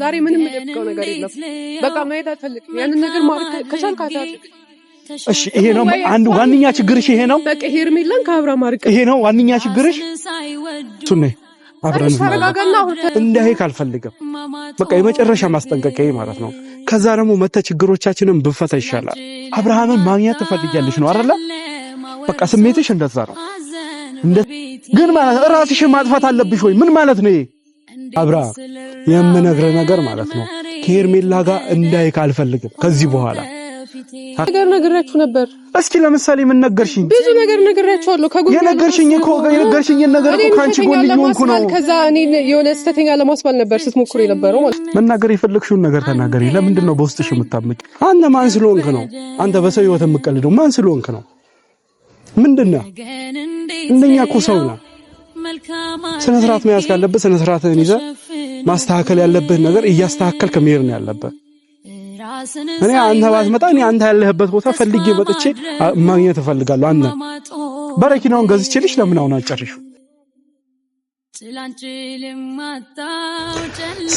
ዛሬ ምንም የምደብቀው ነገር የለም። በቃ ማየት አልፈልግም። ያንን ነገር ማድረግ ከቻልክ እሺ ይሄ ነው አንድ ዋንኛ ችግርሽ፣ ይሄ ነው በቃ ሄርሜላን ከአብራ ማርቀ ይሄ ነው ዋንኛ ችግርሽ። ሱኔ አብረን ተረጋጋና እንዲህ ካልፈልግም በቃ የመጨረሻ ማስጠንቀቂያ ማለት ነው። ከዛ ደግሞ መተ ችግሮቻችንን ብፈታ ይሻላል። አብርሃምን ማግኘት ትፈልጊያለሽ ነው አይደለ? በቃ ስሜትሽ እንደዛ ነው። ግን ማለት ራስሽን ማጥፋት አለብሽ ወይ ምን ማለት ነው? ይሄ? አብራ የምነግረ ነገር ማለት ነው ከሄርሜላ ጋር እንዳይክ አልፈልግም ከዚህ በኋላ ነገር ነግራችሁ ነበር። እስኪ ለምሳሌ ምን ነገርሽኝ? ብዙ ነገር ነግራችኋለሁ። ከጎን የነገርሽኝ እኮ የነገርሽኝ ነገር እኮ ካንቺ ጎን እየሆንኩ ነው። ከዛ እኔ የሆነ ስተተኛ ለማስባል ነበር ስትሞክሩ የነበረው ማለት መናገር የፈለግሽውን ነገር ተናገሪ። ለምንድን ነው በውስጥሽ የምታመጭ? አንተ ማን ስለሆንክ ነው? አንተ በሰው ህይወት የምቀልደው ማን ስለሆንክ ነው? ምንድን ነው? እንደኛ እኮ ሰው ነው። ስነ ስርዓት መያዝ ካለብህ ስነ ስርዓትን ይዘህ ማስተካከል ያለብህ ነገር እያስተካከልክ መሄድ ነው ያለብህ። እኔ አንተ ባትመጣ እኔ አንተ ያለህበት ቦታ ፈልጌ መጥቼ ማግኘት እፈልጋለሁ። አንተ በረኪናውን ገዝቼልሽ ለምን አሁን አጨርሹ?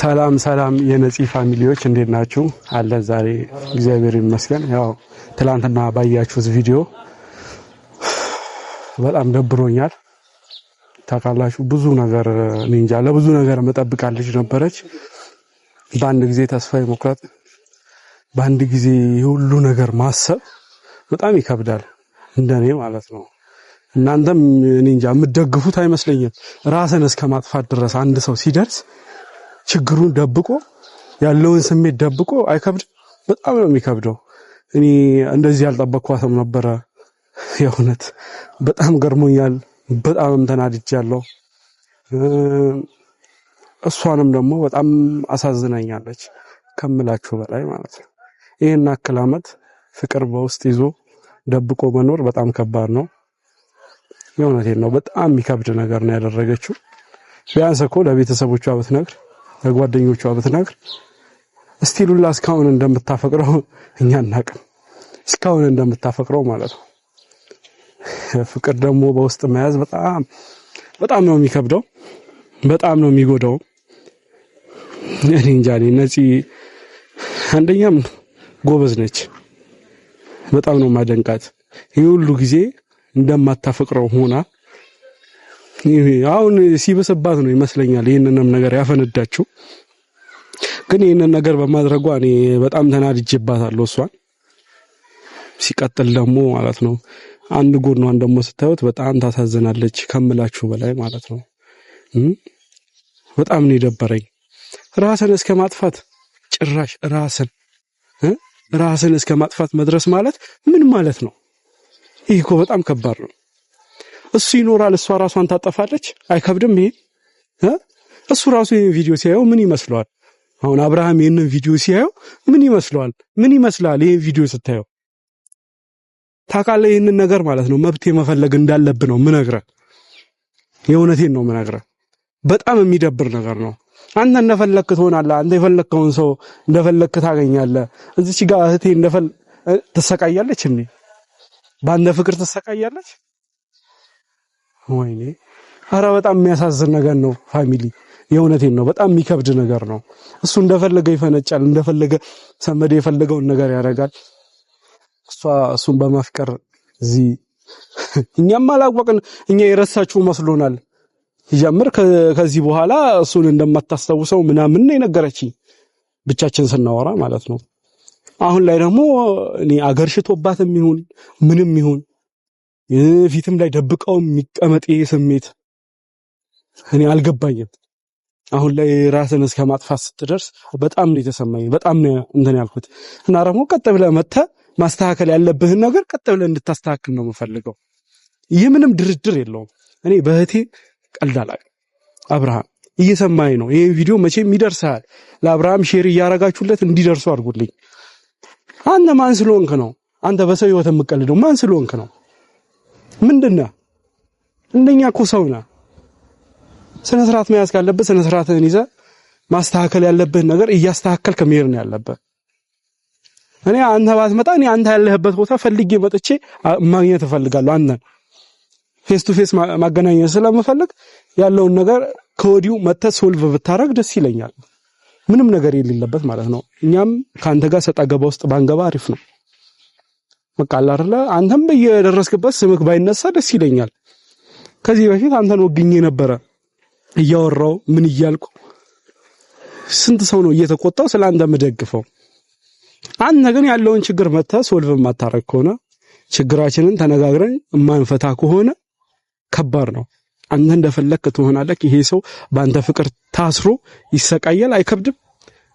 ሰላም ሰላም፣ የነፂ ፋሚሊዎች እንዴት ናችሁ? አለ ዛሬ እግዚአብሔር ይመስገን። ያው ትላንትና ባያችሁት ቪዲዮ በጣም ደብሮኛል። ታውቃላችሁ ብዙ ነገር እኔ እንጃ ለብዙ ነገር መጠብቃት ልጅ ነበረች። በአንድ ጊዜ ተስፋ የመቁረጥ በአንድ ጊዜ የሁሉ ነገር ማሰብ በጣም ይከብዳል፣ እንደኔ ማለት ነው። እናንተም እኔ እንጃ የምትደግፉት አይመስለኝም። ራስን እስከ ማጥፋት ድረስ አንድ ሰው ሲደርስ ችግሩን ደብቆ ያለውን ስሜት ደብቆ አይከብድም? በጣም ነው የሚከብደው። እኔ እንደዚህ ያልጠበቅኳትም ነበረ የእውነት በጣም ገርሞኛል። በጣምም ተናድጃለሁ። እሷንም ደግሞ በጣም አሳዝናኛለች ከምላችሁ በላይ ማለት ነው። ይህን አክል አመት ፍቅር በውስጥ ይዞ ደብቆ መኖር በጣም ከባድ ነው። የእውነቴን ነው። በጣም የሚከብድ ነገር ነው ያደረገችው። ቢያንስ እኮ ለቤተሰቦቿ ብትነግር፣ ለጓደኞቿ ብትነግር እስቲሉላ እስካሁን እንደምታፈቅረው እኛ እናቅም እስካሁን እንደምታፈቅረው ማለት ነው ፍቅር ደግሞ በውስጥ መያዝ በጣም በጣም ነው የሚከብደው፣ በጣም ነው የሚጎዳው። እኔ እንጃ እኔ አንደኛም ጎበዝ ነች፣ በጣም ነው ማደንቃት። ይህ ሁሉ ጊዜ እንደማታፈቅረው ሆና አሁን ሲበሰባት ነው ይመስለኛል ይህንንም ነገር ያፈነዳችው። ግን ይህንን ነገር በማድረጓ እኔ በጣም ተናድጄባታለሁ እሷን ሲቀጥል ደግሞ ማለት ነው አንድ ጎኗን ደግሞ ስታዩት በጣም ታሳዝናለች ከምላችሁ በላይ ማለት ነው። በጣም ነው የደበረኝ። ራስን እስከ ማጥፋት ጭራሽ ራስን ራስን እስከ ማጥፋት መድረስ ማለት ምን ማለት ነው? ይህ እኮ በጣም ከባድ ነው። እሱ ይኖራል፣ እሷ ራሷን ታጠፋለች። አይከብድም? ይሄ እሱ ራሱ ይህን ቪዲዮ ሲያየው ምን ይመስለዋል? አሁን አብርሃም ይህንን ቪዲዮ ሲያየው ምን ይመስለዋል? ምን ይመስላል? ይህን ቪዲዮ ስታየው ታውቃለህ ይህንን ነገር ማለት ነው መብት መፈለግ እንዳለብ ነው ምነግረህ። የእውነቴን ነው ምነግረህ። በጣም የሚደብር ነገር ነው። አንተ እንደፈለግህ ትሆናለህ። አንተ የፈለግከውን ሰው እንደፈለክ ታገኛለህ። እዚች ጋር እህቴ እንደፈል ትሰቃያለች እንዴ? በአንተ ፍቅር ትሰቃያለች። ወይኔ! አረ በጣም የሚያሳዝን ነገር ነው ፋሚሊ። የእውነቴን ነው። በጣም የሚከብድ ነገር ነው። እሱ እንደፈለገ ይፈነጫል፣ እንደፈለገ ሰመደ የፈለገውን ነገር ያደርጋል። እሷ እሱን በማፍቀር እዚህ እኛም አላወቅን። እኛ የረሳችሁ መስሎናል። ሲጀምር ከዚህ በኋላ እሱን እንደማታስታውሰው ምናምን ነው ብቻችን ስናወራ ማለት ነው። አሁን ላይ ደግሞ እኔ አገር ሽቶባትም ይሁን ምንም ይሁን ፊትም ላይ ደብቀው የሚቀመጥ ስሜት እኔ አልገባኝም። አሁን ላይ ራስን እስከ ማጥፋት ስትደርስ በጣም ነው የተሰማኝ። በጣም ነው እንትን ያልኩት እና ደግሞ ቀጥ ብለህ መተህ ማስተካከል ያለብህን ነገር ቀጥ ብለህ እንድታስተካክል ነው የምፈልገው። ይህ ምንም ድርድር የለውም። እኔ በእህቴ ቀልድ አላውቅም። አብርሃም እየሰማኝ ነው። ይህ ቪዲዮ መቼም ይደርሳል። ለአብርሃም ሼር እያረጋችሁለት እንዲደርሱ አድርጉልኝ። አንተ ማን ስለሆንክ ነው? አንተ በሰው ህይወት የምቀልደው ማን ስለሆንክ ነው? ምንድነህ? እንደኛ እኮ ሰው ነህ። ስነ ስርዓት መያዝ ካለብህ ስነ ስርዓትህን ይዘህ ማስተካከል ያለብህን ነገር እያስተካከልክ መሄድ ነው ያለብህ። እኔ አንተ ባትመጣ እኔ አንተ ያለህበት ቦታ ፈልጌ መጥቼ ማግኘት እፈልጋለሁ። አንተ ፌስ ቱ ፌስ ማገናኘት ስለምፈልግ ያለውን ነገር ከወዲሁ መተ ሶልቭ ብታረግ ደስ ይለኛል። ምንም ነገር የሌለበት ማለት ነው። እኛም ከአንተ ጋር ሰጣ ገባ ውስጥ ባንገባ አሪፍ ነው። በቃ አላርለ አንተም በየደረስክበት ስምክ ባይነሳ ደስ ይለኛል። ከዚህ በፊት አንተን ወግኜ ነበረ እያወራው ምን እያልኩ ስንት ሰው ነው እየተቆጣው ስለ አንተ የምደግፈው አንተ ግን ያለውን ችግር መታ ሶልቭ የማታረግ ከሆነ ችግራችንን ተነጋግረን የማንፈታ ከሆነ ከባድ ነው። አንተ እንደፈለክ ትሆናለህ። ይሄ ሰው በአንተ ፍቅር ታስሮ ይሰቃያል። አይከብድም?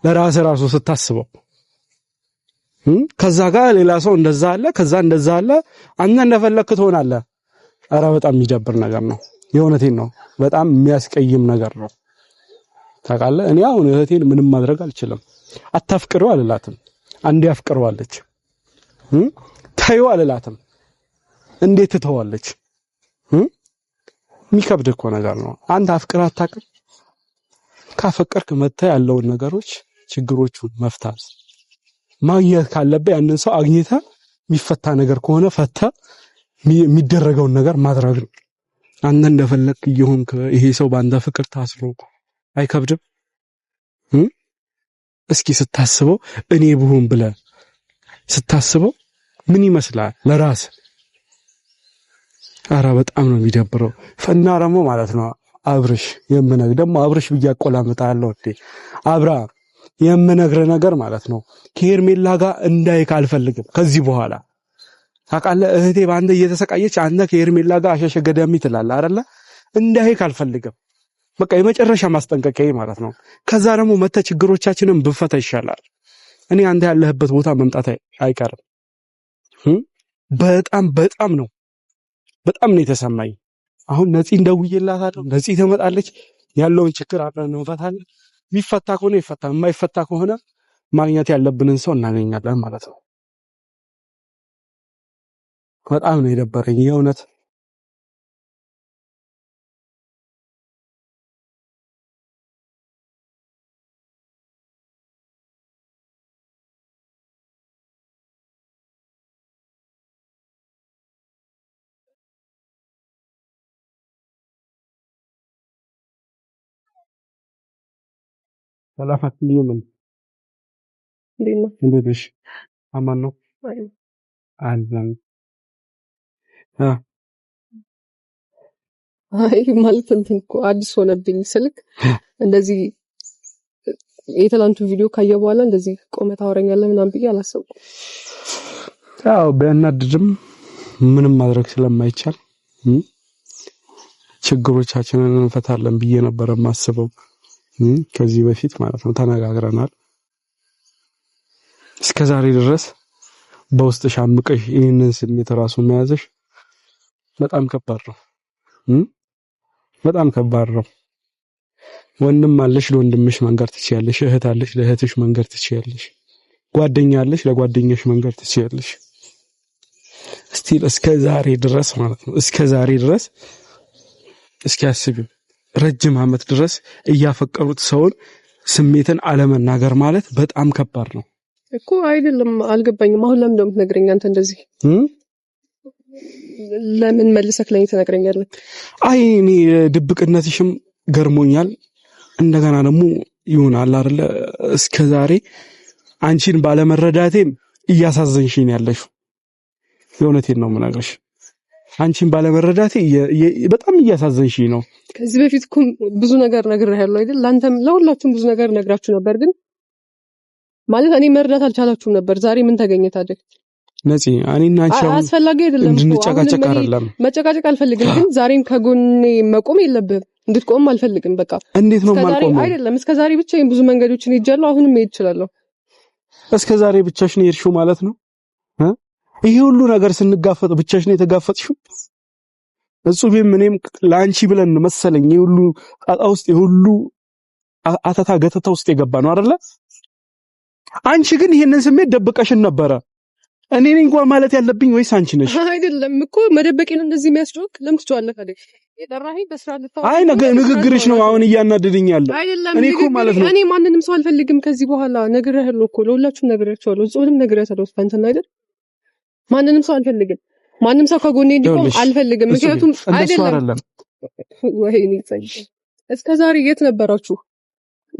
ለራስ ራሱ ስታስበው ከዛ ጋር ሌላ ሰው እንደዛ አለ፣ ከዛ እንደዛ አለ። አንተ እንደፈለክ ትሆናለህ። ኧረ በጣም የሚደብር ነገር ነው። የእውነቴን ነው። በጣም የሚያስቀይም ነገር ነው። ታውቃለህ፣ እኔ አሁን እህቴን ምንም ማድረግ አልችልም። አታፍቅሪው አልላትም አንዴ አፍቅረዋለች። ታዩ አልላትም። እንዴት ትተዋለች? የሚከብድ እኮ ነገር ነው። አንተ አፍቅር አታውቅም። ካፈቀርክ መተህ ያለውን ነገሮች ችግሮቹን መፍታት ማግኘት ካለበ ያንን ሰው አግኝታ የሚፈታ ነገር ከሆነ ፈተ የሚደረገውን ነገር ማድረግ ነው። አንተ እንደፈለግክ እየሆንክ ይሄ ሰው በአንተ ፍቅር ታስሮ አይከብድም? እስኪ ስታስበው እኔ ብሆን ብለ ስታስበው ምን ይመስላል ለራስ? አረ በጣም ነው የሚደብረው። ፈና ደግሞ ማለት ነው አብርሽ የምነግርህ ደግሞ አብርሽ ብዬ አቆላምጣለሁ እንዴ አብራ የምነግርህ ነገር ማለት ነው ከሄርሜላ ጋር እንዳይክ አልፈልግም ከዚህ በኋላ ታውቃለህ። እህቴ በአንተ እየተሰቃየች አንተ ከሄርሜላ ጋር አሸሸ ገዳሚ ትላለህ አይደለ? እንዳይክ አልፈልግም። በቃ የመጨረሻ ማስጠንቀቂያ ማለት ነው። ከዛ ደግሞ መተ ችግሮቻችንን ብፈታ ይሻላል። እኔ አንተ ያለህበት ቦታ መምጣት አይቀርም። በጣም በጣም ነው በጣም ነው የተሰማኝ። አሁን ነፂ እንደውዬላታለሁ። ነፂ ትመጣለች። ያለውን ችግር አብረን እንፈታለን። የሚፈታ ከሆነ ይፈታ፣ የማይፈታ ከሆነ ማግኘት ያለብንን ሰው እናገኛለን ማለት ነው። በጣም ነው የደበረኝ የእውነት። ሰላፋት እንዴት ነሽ? አማን ነው አለን። አይ ማለት እንትን እኮ አዲስ ሆነብኝ ስልክ እንደዚህ የትላንቱን ቪዲዮ ካየ በኋላ እንደዚህ ቆመ ታወረኛለ ምናም ብዬ አላሰብኩም። ያው ቢያናድድም ምንም ማድረግ ስለማይቻል ችግሮቻችንን እንፈታለን ብዬ ነበረ ማስበው። ከዚህ በፊት ማለት ነው ተነጋግረናል። እስከ ዛሬ ድረስ በውስጥ ሻምቀሽ ይህንን ስሜት ራሱ መያዘሽ በጣም ከባድ ነው። በጣም ከባድ ነው። ወንድም አለሽ፣ ለወንድምሽ መንገር ትችያለሽ። እህት አለሽ፣ ለእህትሽ መንገር ትችያለሽ። ጓደኛ አለሽ፣ ለጓደኛሽ መንገር ትችያለሽ። እስቲል እስከ ዛሬ ድረስ ማለት ነው እስከ ዛሬ ድረስ እስኪ ረጅም ዓመት ድረስ እያፈቀሩት ሰውን ስሜትን አለመናገር ማለት በጣም ከባድ ነው እኮ አይደለም። አልገባኝም። አሁን ለምን እንደምትነግረኝ አንተ እንደዚህ ለምን መልሰክ ለእኔ ትነግረኛለህ? አይ እኔ ድብቅነትሽም ገርሞኛል። እንደገና ደግሞ ይሆናል አይደለ እስከ ዛሬ አንቺን ባለመረዳቴም እያሳዘንሽኝ ያለሽው የእውነቴን ነው የምነግርሽ። አንቺን ባለመረዳቴ በጣም እያሳዘንሽ ነው። ከዚህ በፊት እኮ ብዙ ነገር ነግሬሃለሁ አይደል? ለአንተም ለሁላችሁም ብዙ ነገር ነግራችሁ ነበር፣ ግን ማለት እኔ መርዳት አልቻላችሁም ነበር። ዛሬ ምን ተገኘ ታዲያ? ነፂ እኔና አንቺ አስፈላጊ አይደለም እንድንጨቃጨቅ አይደለም፣ መጨቃጨቅ አልፈልግም፣ ግን ዛሬም ከጎኔ መቆም የለብህም እንድትቆም አልፈልግም። በቃ እንዴት ነው የማልቆመው? አይደለም እስከ ዛሬ ብቻዬን ብዙ መንገዶችን ሄጃለሁ፣ አሁንም ሄድ እችላለሁ። እስከ ዛሬ ብቻሽን ሄድሽው ማለት ነው ይሄ ሁሉ ነገር ስንጋፈጥ ብቻሽን የተጋፈጥሽው እጹቤም እኔም ለአንቺ ብለን መሰለኝ ይሄ ሁሉ ጣጣ ውስጥ ይሄ ሁሉ አተታ ገተታ ውስጥ የገባ ነው አይደለ? አንቺ ግን ይሄንን ስሜት ደብቀሽን ነበረ። እኔ ነኝ እንኳን ማለት ያለብኝ ወይስ አንቺ ነሽ? አይደለም እኮ መደበቄን እንደዚህ የሚያስደውቅ ለምትጫለፈ አይ ንግግርሽ ነው አሁን እያናደደኝ ያለ። እኔ እኮ ማለት ነው እኔ ማንንም ሰው አልፈልግም ከዚህ በኋላ ነግረህ ነግሬሃለሁ እኮ ለሁላችሁም ነግሬያቸዋለሁ። ነግረህ ነግሬያታለሁ ፈንተና አይደል ማንንም ሰው አልፈልግም። ማንም ሰው ከጎኔ እንዲቆም አልፈልግም። ምክንያቱም አይደለም ወይኔ እስከ ዛሬ የት ነበራችሁ?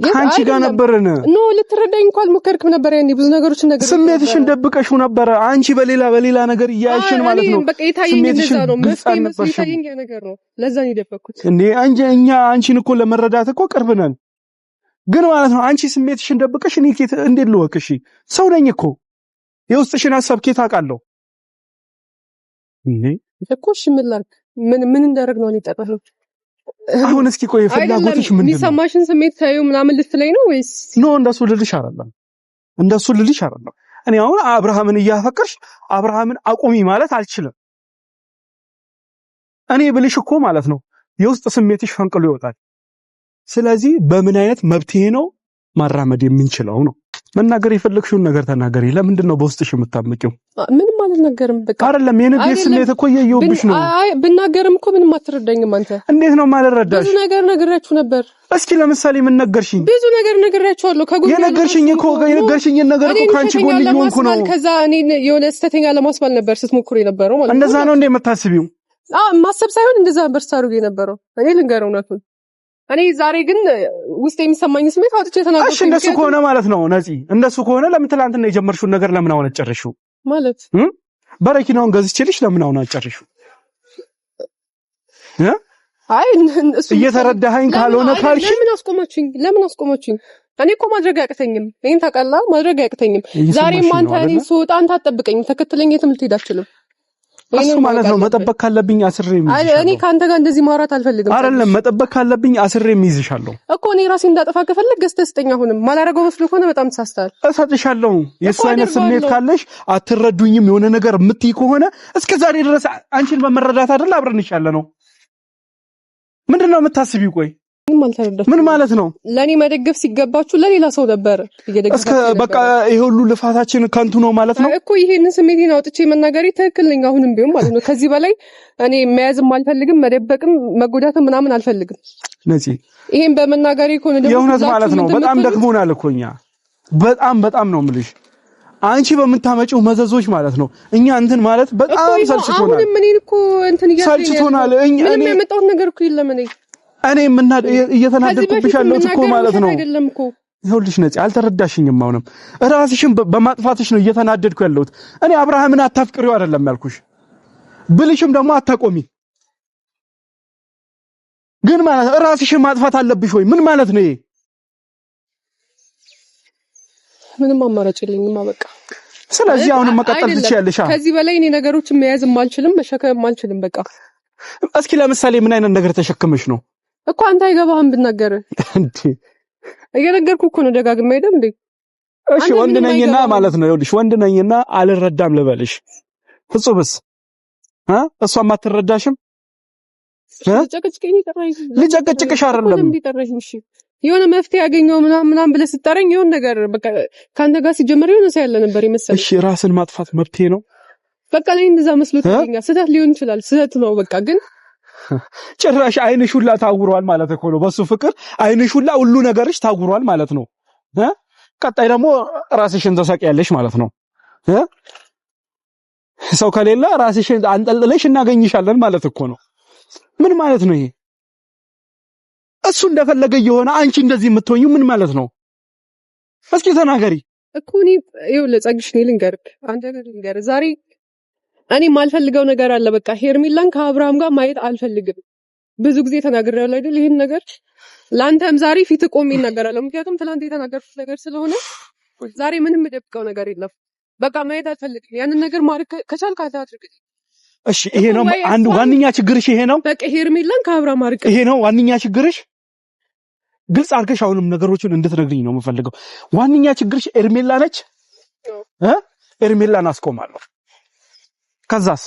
ከአንቺ ጋር ነበርን። ኖ ልትረዳኝ እንኳን ሞከርክም ነበር። ያኔ ብዙ ነገሮችን ነገር ስሜትሽን ደብቀሽው ነበረ። አንቺ በሌላ በሌላ ነገር እያያሽን ማለት ነው። በቃ የታየኝ እንደዛ ነው። መፍትሄ መስሎኝ የታየኝ ነገር ነው። ለዛ ነው የደበኩት። እንዴ አንቺ እኛ አንቺን እኮ ለመረዳት እኮ ቅርብ ነን፣ ግን ማለት ነው አንቺ ስሜትሽን ደብቀሽ እኔ እንዴት ልወቅሽ? ሰው ነኝ እኮ የውስጥሽን ሀሳብ ኬት አውቃለሁ እኮሽ ምን ላድርግ? ምን ምን እንዳደረግ ነው እኔ አሁን እስኪ ቆይ ፍላጎትሽ ምንድን ነው? የሚሰማሽን ስሜት ታዩ ምናምን ልትለኝ ነው ወይስ ኖ? እንደሱ ልልሽ አይደለም፣ እንደሱ ልልሽ አይደለም። እኔ አሁን አብርሃምን እያፈቀርሽ አብርሃምን አቁሚ ማለት አልችልም። እኔ ብልሽ እኮ ማለት ነው የውስጥ ስሜትሽ ፈንቅሎ ይወጣል። ስለዚህ በምን አይነት መብትሄ ነው ማራመድ የምንችለው ነው መናገር የፈለግሽውን ነገር ተናገሪ። ለምንድን ነው በውስጥሽ የምታመቂው? ምንም አልናገርም። በቃ አይደለም የንዴት ስሜት እኮ እየየውብሽ ነው። አይ ብናገርም እኮ ምንም አትረዳኝም አንተ። እንዴት ነው ማልረዳሽ? ብዙ ነገር ነግሬያችሁ ነበር። እስኪ ለምሳሌ ምን ነገርሽኝ? ብዙ ነገር ነግሬያችኋለሁ። ከጎን የነገርሽኝ እኮ የነገርሽኝን ነገር እኮ ካንቺ ጎን እየሆንኩ ነው። ከዛ እኔ የሆነ ስህተተኛ ለማስባል ነበር ስትሞክሩ የነበረው ማለት ነው። እንደዛ ነው እንደ የምታስቢው? ማሰብ ሳይሆን እንደዛ ነበር ስታደርጉ የነበረው። እኔ ልንገር እውነቱን እኔ ዛሬ ግን ውስጥ የሚሰማኝ ስሜት አውጥቼ ተናገርኩ። እሺ እንደሱ ከሆነ ማለት ነው ነፂ፣ እንደሱ ከሆነ ለምን ትላንትና የጀመርሽውን ነገር ለምን አሁን አጨረሽው? ማለት በረኪናውን ገዝቼልሽ ለምን አሁን አጨረሽው? አይ እየተረዳኸኝ ካልሆነ ካልሽ ለምን አስቆማችኝ ለምን አስቆማችኝ እኔ እኮ ማድረግ አያቅተኝም። ይህን ታውቃለህ፣ ማድረግ አያቅተኝም። ዛሬም አንተ እኔ ስወጣ አንተ አትጠብቀኝም፣ ተከትለኝ የትም ልትሄድ አትችልም። እሱ ማለት ነው መጠበቅ ካለብኝ አስሬ እኔ ከአንተ ጋር እንደዚህ ማውራት አልፈልግም። አይደለም መጠበቅ ካለብኝ አስሬ የሚይዝሻለሁ እኮ እኔ ራሴ እንዳጠፋ ከፈለግ ገዝተህ ስጠኝ። አሁንም ማላረገው መስሎ ከሆነ በጣም ተሳስተሃል። እሰጥሻለሁ። የእሱ አይነት ስሜት ካለሽ አትረዱኝም፣ የሆነ ነገር የምትይ ከሆነ እስከ ዛሬ ድረስ አንቺን በመረዳት አይደል አብረን ይቻለ ነው። ምንድን ነው የምታስቢው? ቆይ ምን ማለት ነው? ለኔ መደገፍ ሲገባችሁ ለሌላ ሰው ነበር እየደገፋችሁ። በቃ ይሄ ሁሉ ልፋታችን ከንቱ ነው ማለት ነው እኮ። ይሄንን ስሜቴን አውጥቼ መናገሬ ትክክል ነኝ፣ አሁንም ቢሆን ማለት ነው። ከዚህ በላይ እኔ መያዝም አልፈልግም፣ መደበቅም መጎዳትም ምናምን አልፈልግም። ነፂ፣ ይሄን በመናገሬ እኮ የእውነት ማለት ነው። በጣም ደክሞናል እኮ እኛ በጣም በጣም ነው የምልሽ አንቺ በምታመጪው መዘዞች ማለት ነው እኛ እንትን ማለት በጣም ሰልችቶናል። አሁንም እኔን እኮ እንትን እያለኝ ሰልችቶናል። እኔ ምንም የመጣሁት ነገር እኮ የለም እኔ እኔ እየተናደድኩብሽ ያለሁት እኮ ማለት ነው። ይኸውልሽ ነፂ አልተረዳሽኝም። አሁንም ራስሽን በማጥፋትሽ ነው እየተናደድኩ ያለሁት። እኔ አብርሃምን አታፍቅሪው አይደለም ያልኩሽ ብልሽም ደግሞ አታቆሚ ግን ማለት ራስሽን ማጥፋት አለብሽ ወይ? ምን ማለት ነው ይሄ? ምንም አማራጭ የለኝም በቃ። ስለዚህ አሁንም መቀጠል ትችያለሽ። ከዚህ በላይ እኔ ነገሮችን መያዝም አልችልም፣ መሸከም አልችልም። በቃ እስኪ ለምሳሌ ምን አይነት ነገር ተሸክመሽ ነው እኮ አንተ አይገባህም ብናገር እንዴ እየነገርኩ እኮ ነው ደጋግማ አይደል እንዴ? እሺ ወንድ ነኝና ማለት ነው። ይኸውልሽ ወንድ ነኝና አልረዳም ልበልሽ። ፍጹምስ እ እሷም አትረዳሽም። ልጨቅጭቅሽ አይደለም የሆነ መፍትሄ ያገኘው ምናምን ምናምን ብለህ ስጠረኝ የሆነ ነገር በቃ ከአንተ ጋር ሲጀመር የሆነ ሰው ያለ ነበር የመሰለኝ። እሺ ራስን ማጥፋት መብቴ ነው። በቃ ላይ እንደዛ መስሎት ይገኛል። ስህተት ሊሆን ይችላል። ስህተት ነው በቃ ግን ጭራሽ አይን ሁላ ታውሯል ማለት እኮ ነው። በሱ ፍቅር ዓይንሽ ሁላ ሁሉ ነገርሽ ታውሯል ማለት ነው። ቀጣይ ደግሞ ራስሽን ተሰቅያለሽ ማለት ነው። ሰው ከሌለ ራስሽን አንጠልጥለሽ እናገኝሻለን ማለት እኮ ነው። ምን ማለት ነው ይሄ? እሱ እንደፈለገ የሆነ አንቺ እንደዚህ የምትሆኚው ምን ማለት ነው? እስኪ ተናገሪ እኮ እኔ ይኸውልህ፣ ጸግሽ እኔ ልንገርህ፣ አንተ ልንገርህ ዛሬ እኔ ማልፈልገው ነገር አለ። በቃ ሄርሚላን ከአብርሃም ጋር ማየት አልፈልግም። ብዙ ጊዜ ተናግሬያለሁ አይደል? ይህን ነገር ለአንተም ዛሬ ፊት ቆሜ እናገራለሁ። ምክንያቱም ትላንት የተናገርኩት ነገር ስለሆነ ዛሬ ምንም የምደብቀው ነገር የለም። በቃ ማየት አልፈልግም። ያንን ነገር ማድረግ ከቻልክ አንተ አድርግ። እሺ፣ ይሄ ነው አንድ ዋነኛ ችግርሽ። ይሄ ነው በቃ ሄርሚላን ከአብርሃም አድርግ። ይሄ ነው ዋነኛ ችግርሽ። ግልጽ አድርገሽ አሁንም ነገሮችን እንድትነግርኝ ነው የምፈልገው። ዋነኛ ችግርሽ ኤርሜላ ነች። ኤርሜላን አስቆማለሁ። ከዛስ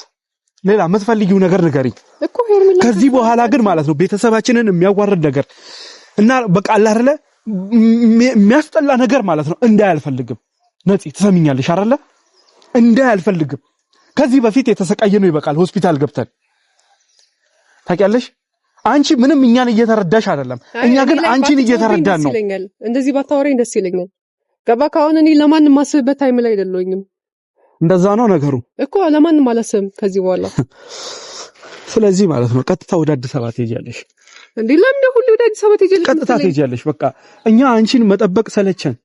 ሌላ የምትፈልጊው ነገር ንገሪ። እኮ። ከዚህ በኋላ ግን ማለት ነው ቤተሰባችንን የሚያዋርድ ነገር እና በቃ አለ አይደለ የሚያስጠላ ነገር ማለት ነው እንዳይ አልፈልግም። ነፂ ትሰሚኛለሽ አይደለ? እንዳይ አልፈልግም። ከዚህ በፊት ነው ይበቃል። ሆስፒታል ገብተን ታውቂያለሽ። አንቺ ምንም እኛን እየተረዳሽ አይደለም፣ እኛ ግን አንቺን እየተረዳን ነው። እንደዚህ ባታወራኝ ደስ ይለኛል። ገባ? ከአሁን እኔ ለማንም ማስብበት ታይም ላይ እንደዛ ነው ነገሩ እኮ ለማንም አላስብም ከዚህ በኋላ ስለዚህ ማለት ነው ቀጥታ ወደ አዲስ አበባ ትሄጃለሽ እንዴ ለምን ሁሉ ወደ አዲስ አበባ ትሄጃለሽ ቀጥታ ትሄጃለሽ በቃ እኛ አንቺን መጠበቅ ሰለቸን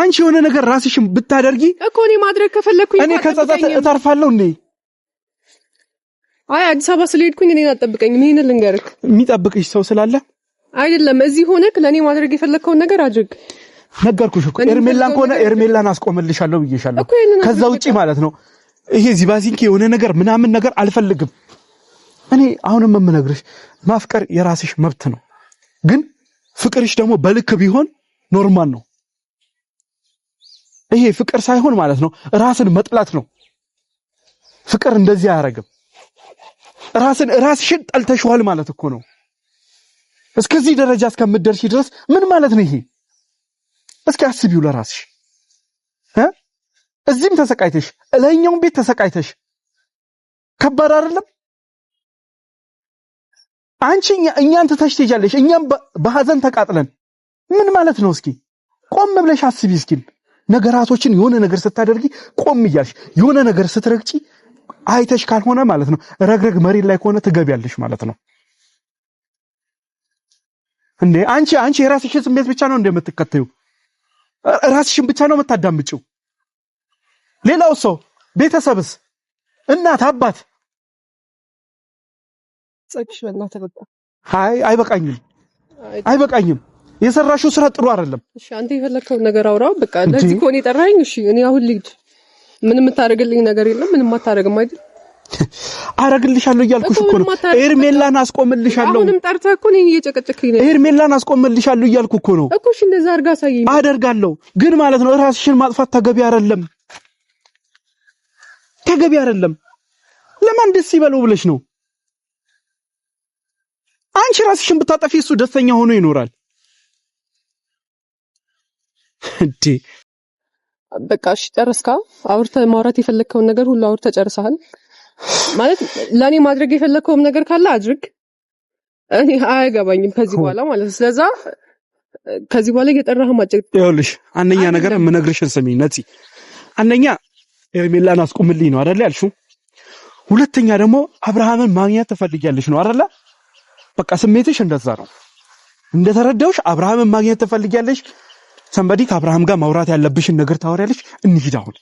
አንቺ የሆነ ነገር ራስሽን ብታደርጊ እኮ እኔ ማድረግ ከፈለግኩኝ እኔ ከጸጸት እታርፋለሁ እንዴ አይ አዲስ አበባ ስለሄድኩኝ እኔን አትጠብቀኝም ይሄንን ልንገርህ የሚጠብቅሽ ሰው ስላለ አይደለም እዚህ ሆነክ ለእኔ ማድረግ የፈለግከውን ነገር አድርግ ነገርኩሽ እኮ ኤርሜላን ከሆነ ኤርሜላን አስቆመልሻለሁ ብዬሻለሁ። ከዛ ውጪ ማለት ነው ይሄ ዚባዚንኪ የሆነ ነገር ምናምን ነገር አልፈልግም እኔ። አሁንም የምነግርሽ ማፍቀር የራስሽ መብት ነው፣ ግን ፍቅርሽ ደግሞ በልክ ቢሆን ኖርማል ነው። ይሄ ፍቅር ሳይሆን ማለት ነው ራስን መጥላት ነው። ፍቅር እንደዚህ አያደርግም። ራስን ራስሽን ጠልተሽዋል ማለት እኮ ነው። እስከዚህ ደረጃ እስከምትደርሺ ድረስ ምን ማለት ነው ይሄ? እስኪ አስቢው ለራስሽ እዚህም ተሰቃይተሽ ለኛውም ቤት ተሰቃይተሽ ከባድ አይደለም? አንቺ እኛን ትተሽ ትሄጃለሽ፣ እኛም በሀዘን ተቃጥለን ምን ማለት ነው? እስኪ ቆም ብለሽ አስቢ። እስኪ ነገራቶችን የሆነ ነገር ስታደርጊ ቆም እያልሽ የሆነ ነገር ስትረግጪ አይተሽ ካልሆነ ማለት ነው ረግረግ መሬት ላይ ከሆነ ትገቢያለሽ ማለት ነው። እንዴ አንቺ አንቺ የራስሽን ስሜት ብቻ ነው እንደምትከተዩ ራስሽን ብቻ ነው የምታዳምጪው። ሌላው ሰው ቤተሰብስ፣ እናት አባት አይ አይበቃኝም፣ አይበቃኝም የሰራሽው ስራ ጥሩ አይደለም። እሺ አንተ የፈለከውን ነገር አውራው። በቃ ለዚህ እኮ የጠራኸኝ። እሺ እኔ አሁን ልሂድ። ምንም የምታደርግልኝ ነገር የለም። ምንም አታደርግም አይደል? አረግልሻለሁ እያልኩሽ እኮ ነው። ኤርሜላን አስቆምልሻለሁ። አሁንም ጠርተህ እኮ እኔን እየጨቀጨክኝ ነው። ኤርሜላን አስቆምልሻለሁ እያልኩ እኮ ነው እኮ። እሺ እንደዛ አድርጋ አሳየኝ። አደርጋለሁ ግን ማለት ነው ራስሽን ማጥፋት ተገቢ አይደለም፣ ተገቢ አይደለም። ለማን ደስ ይበለው ብለሽ ነው? አንቺ ራስሽን ብታጠፊ እሱ ደስተኛ ሆኖ ይኖራል እንዴ? በቃ እሺ፣ ጨርስካ አውርተ ማውራት የፈለግከውን ነገር ሁሉ አውርተ ጨርሰሃል። ማለት ለእኔ ማድረግ የፈለግከውም ነገር ካለ አድርግ። እኔ አያገባኝም ከዚህ በኋላ ማለት ስለዛ ከዚህ በኋላ እየጠራህ ማጨቅ ይኸውልሽ፣ አንደኛ ነገር የምነግርሽን ስሚ ነፂ፣ አንደኛ ሄርሜላን አስቁምልኝ ነው አደለ ያልሽው። ሁለተኛ ደግሞ አብርሃምን ማግኘት ትፈልጊያለሽ ነው አደለ? በቃ ስሜትሽ እንደዛ ነው እንደተረዳውሽ። አብርሃምን ማግኘት ትፈልጊያለሽ። ሰንበዲ ከአብርሃም ጋር ማውራት ያለብሽን ነገር ታወሪያለሽ። እንሂድ አሁን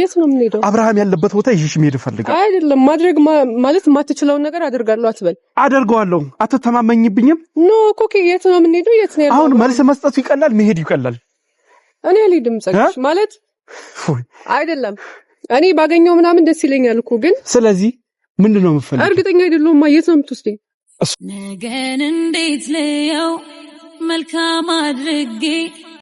የት ነው የምንሄደው? አብርሃም ያለበት ቦታ ይዤሽ መሄድ እፈልጋለሁ። አይደለም ማድረግ ማለት የማትችለውን ነገር አደርጋለሁ አትበል። አደርገዋለሁ። አትተማመኝብኝም? ኖ ኮኪ፣ የት ነው የምንሄደው? የት ነው ያለው? አሁን መልስ መስጠቱ ይቀላል፣ መሄዱ ይቀላል። እኔ አልሄድም ፀጋሽ። ማለት አይደለም እኔ ባገኘው ምናምን ደስ ይለኛል እኮ ግን፣ ስለዚህ ምንድን ነው የምፈልገው? እርግጠኛ አይደለሁም። የት ነው የምትወስደኝ? ነገን እንዴት ልየው? መልካም አድርጌ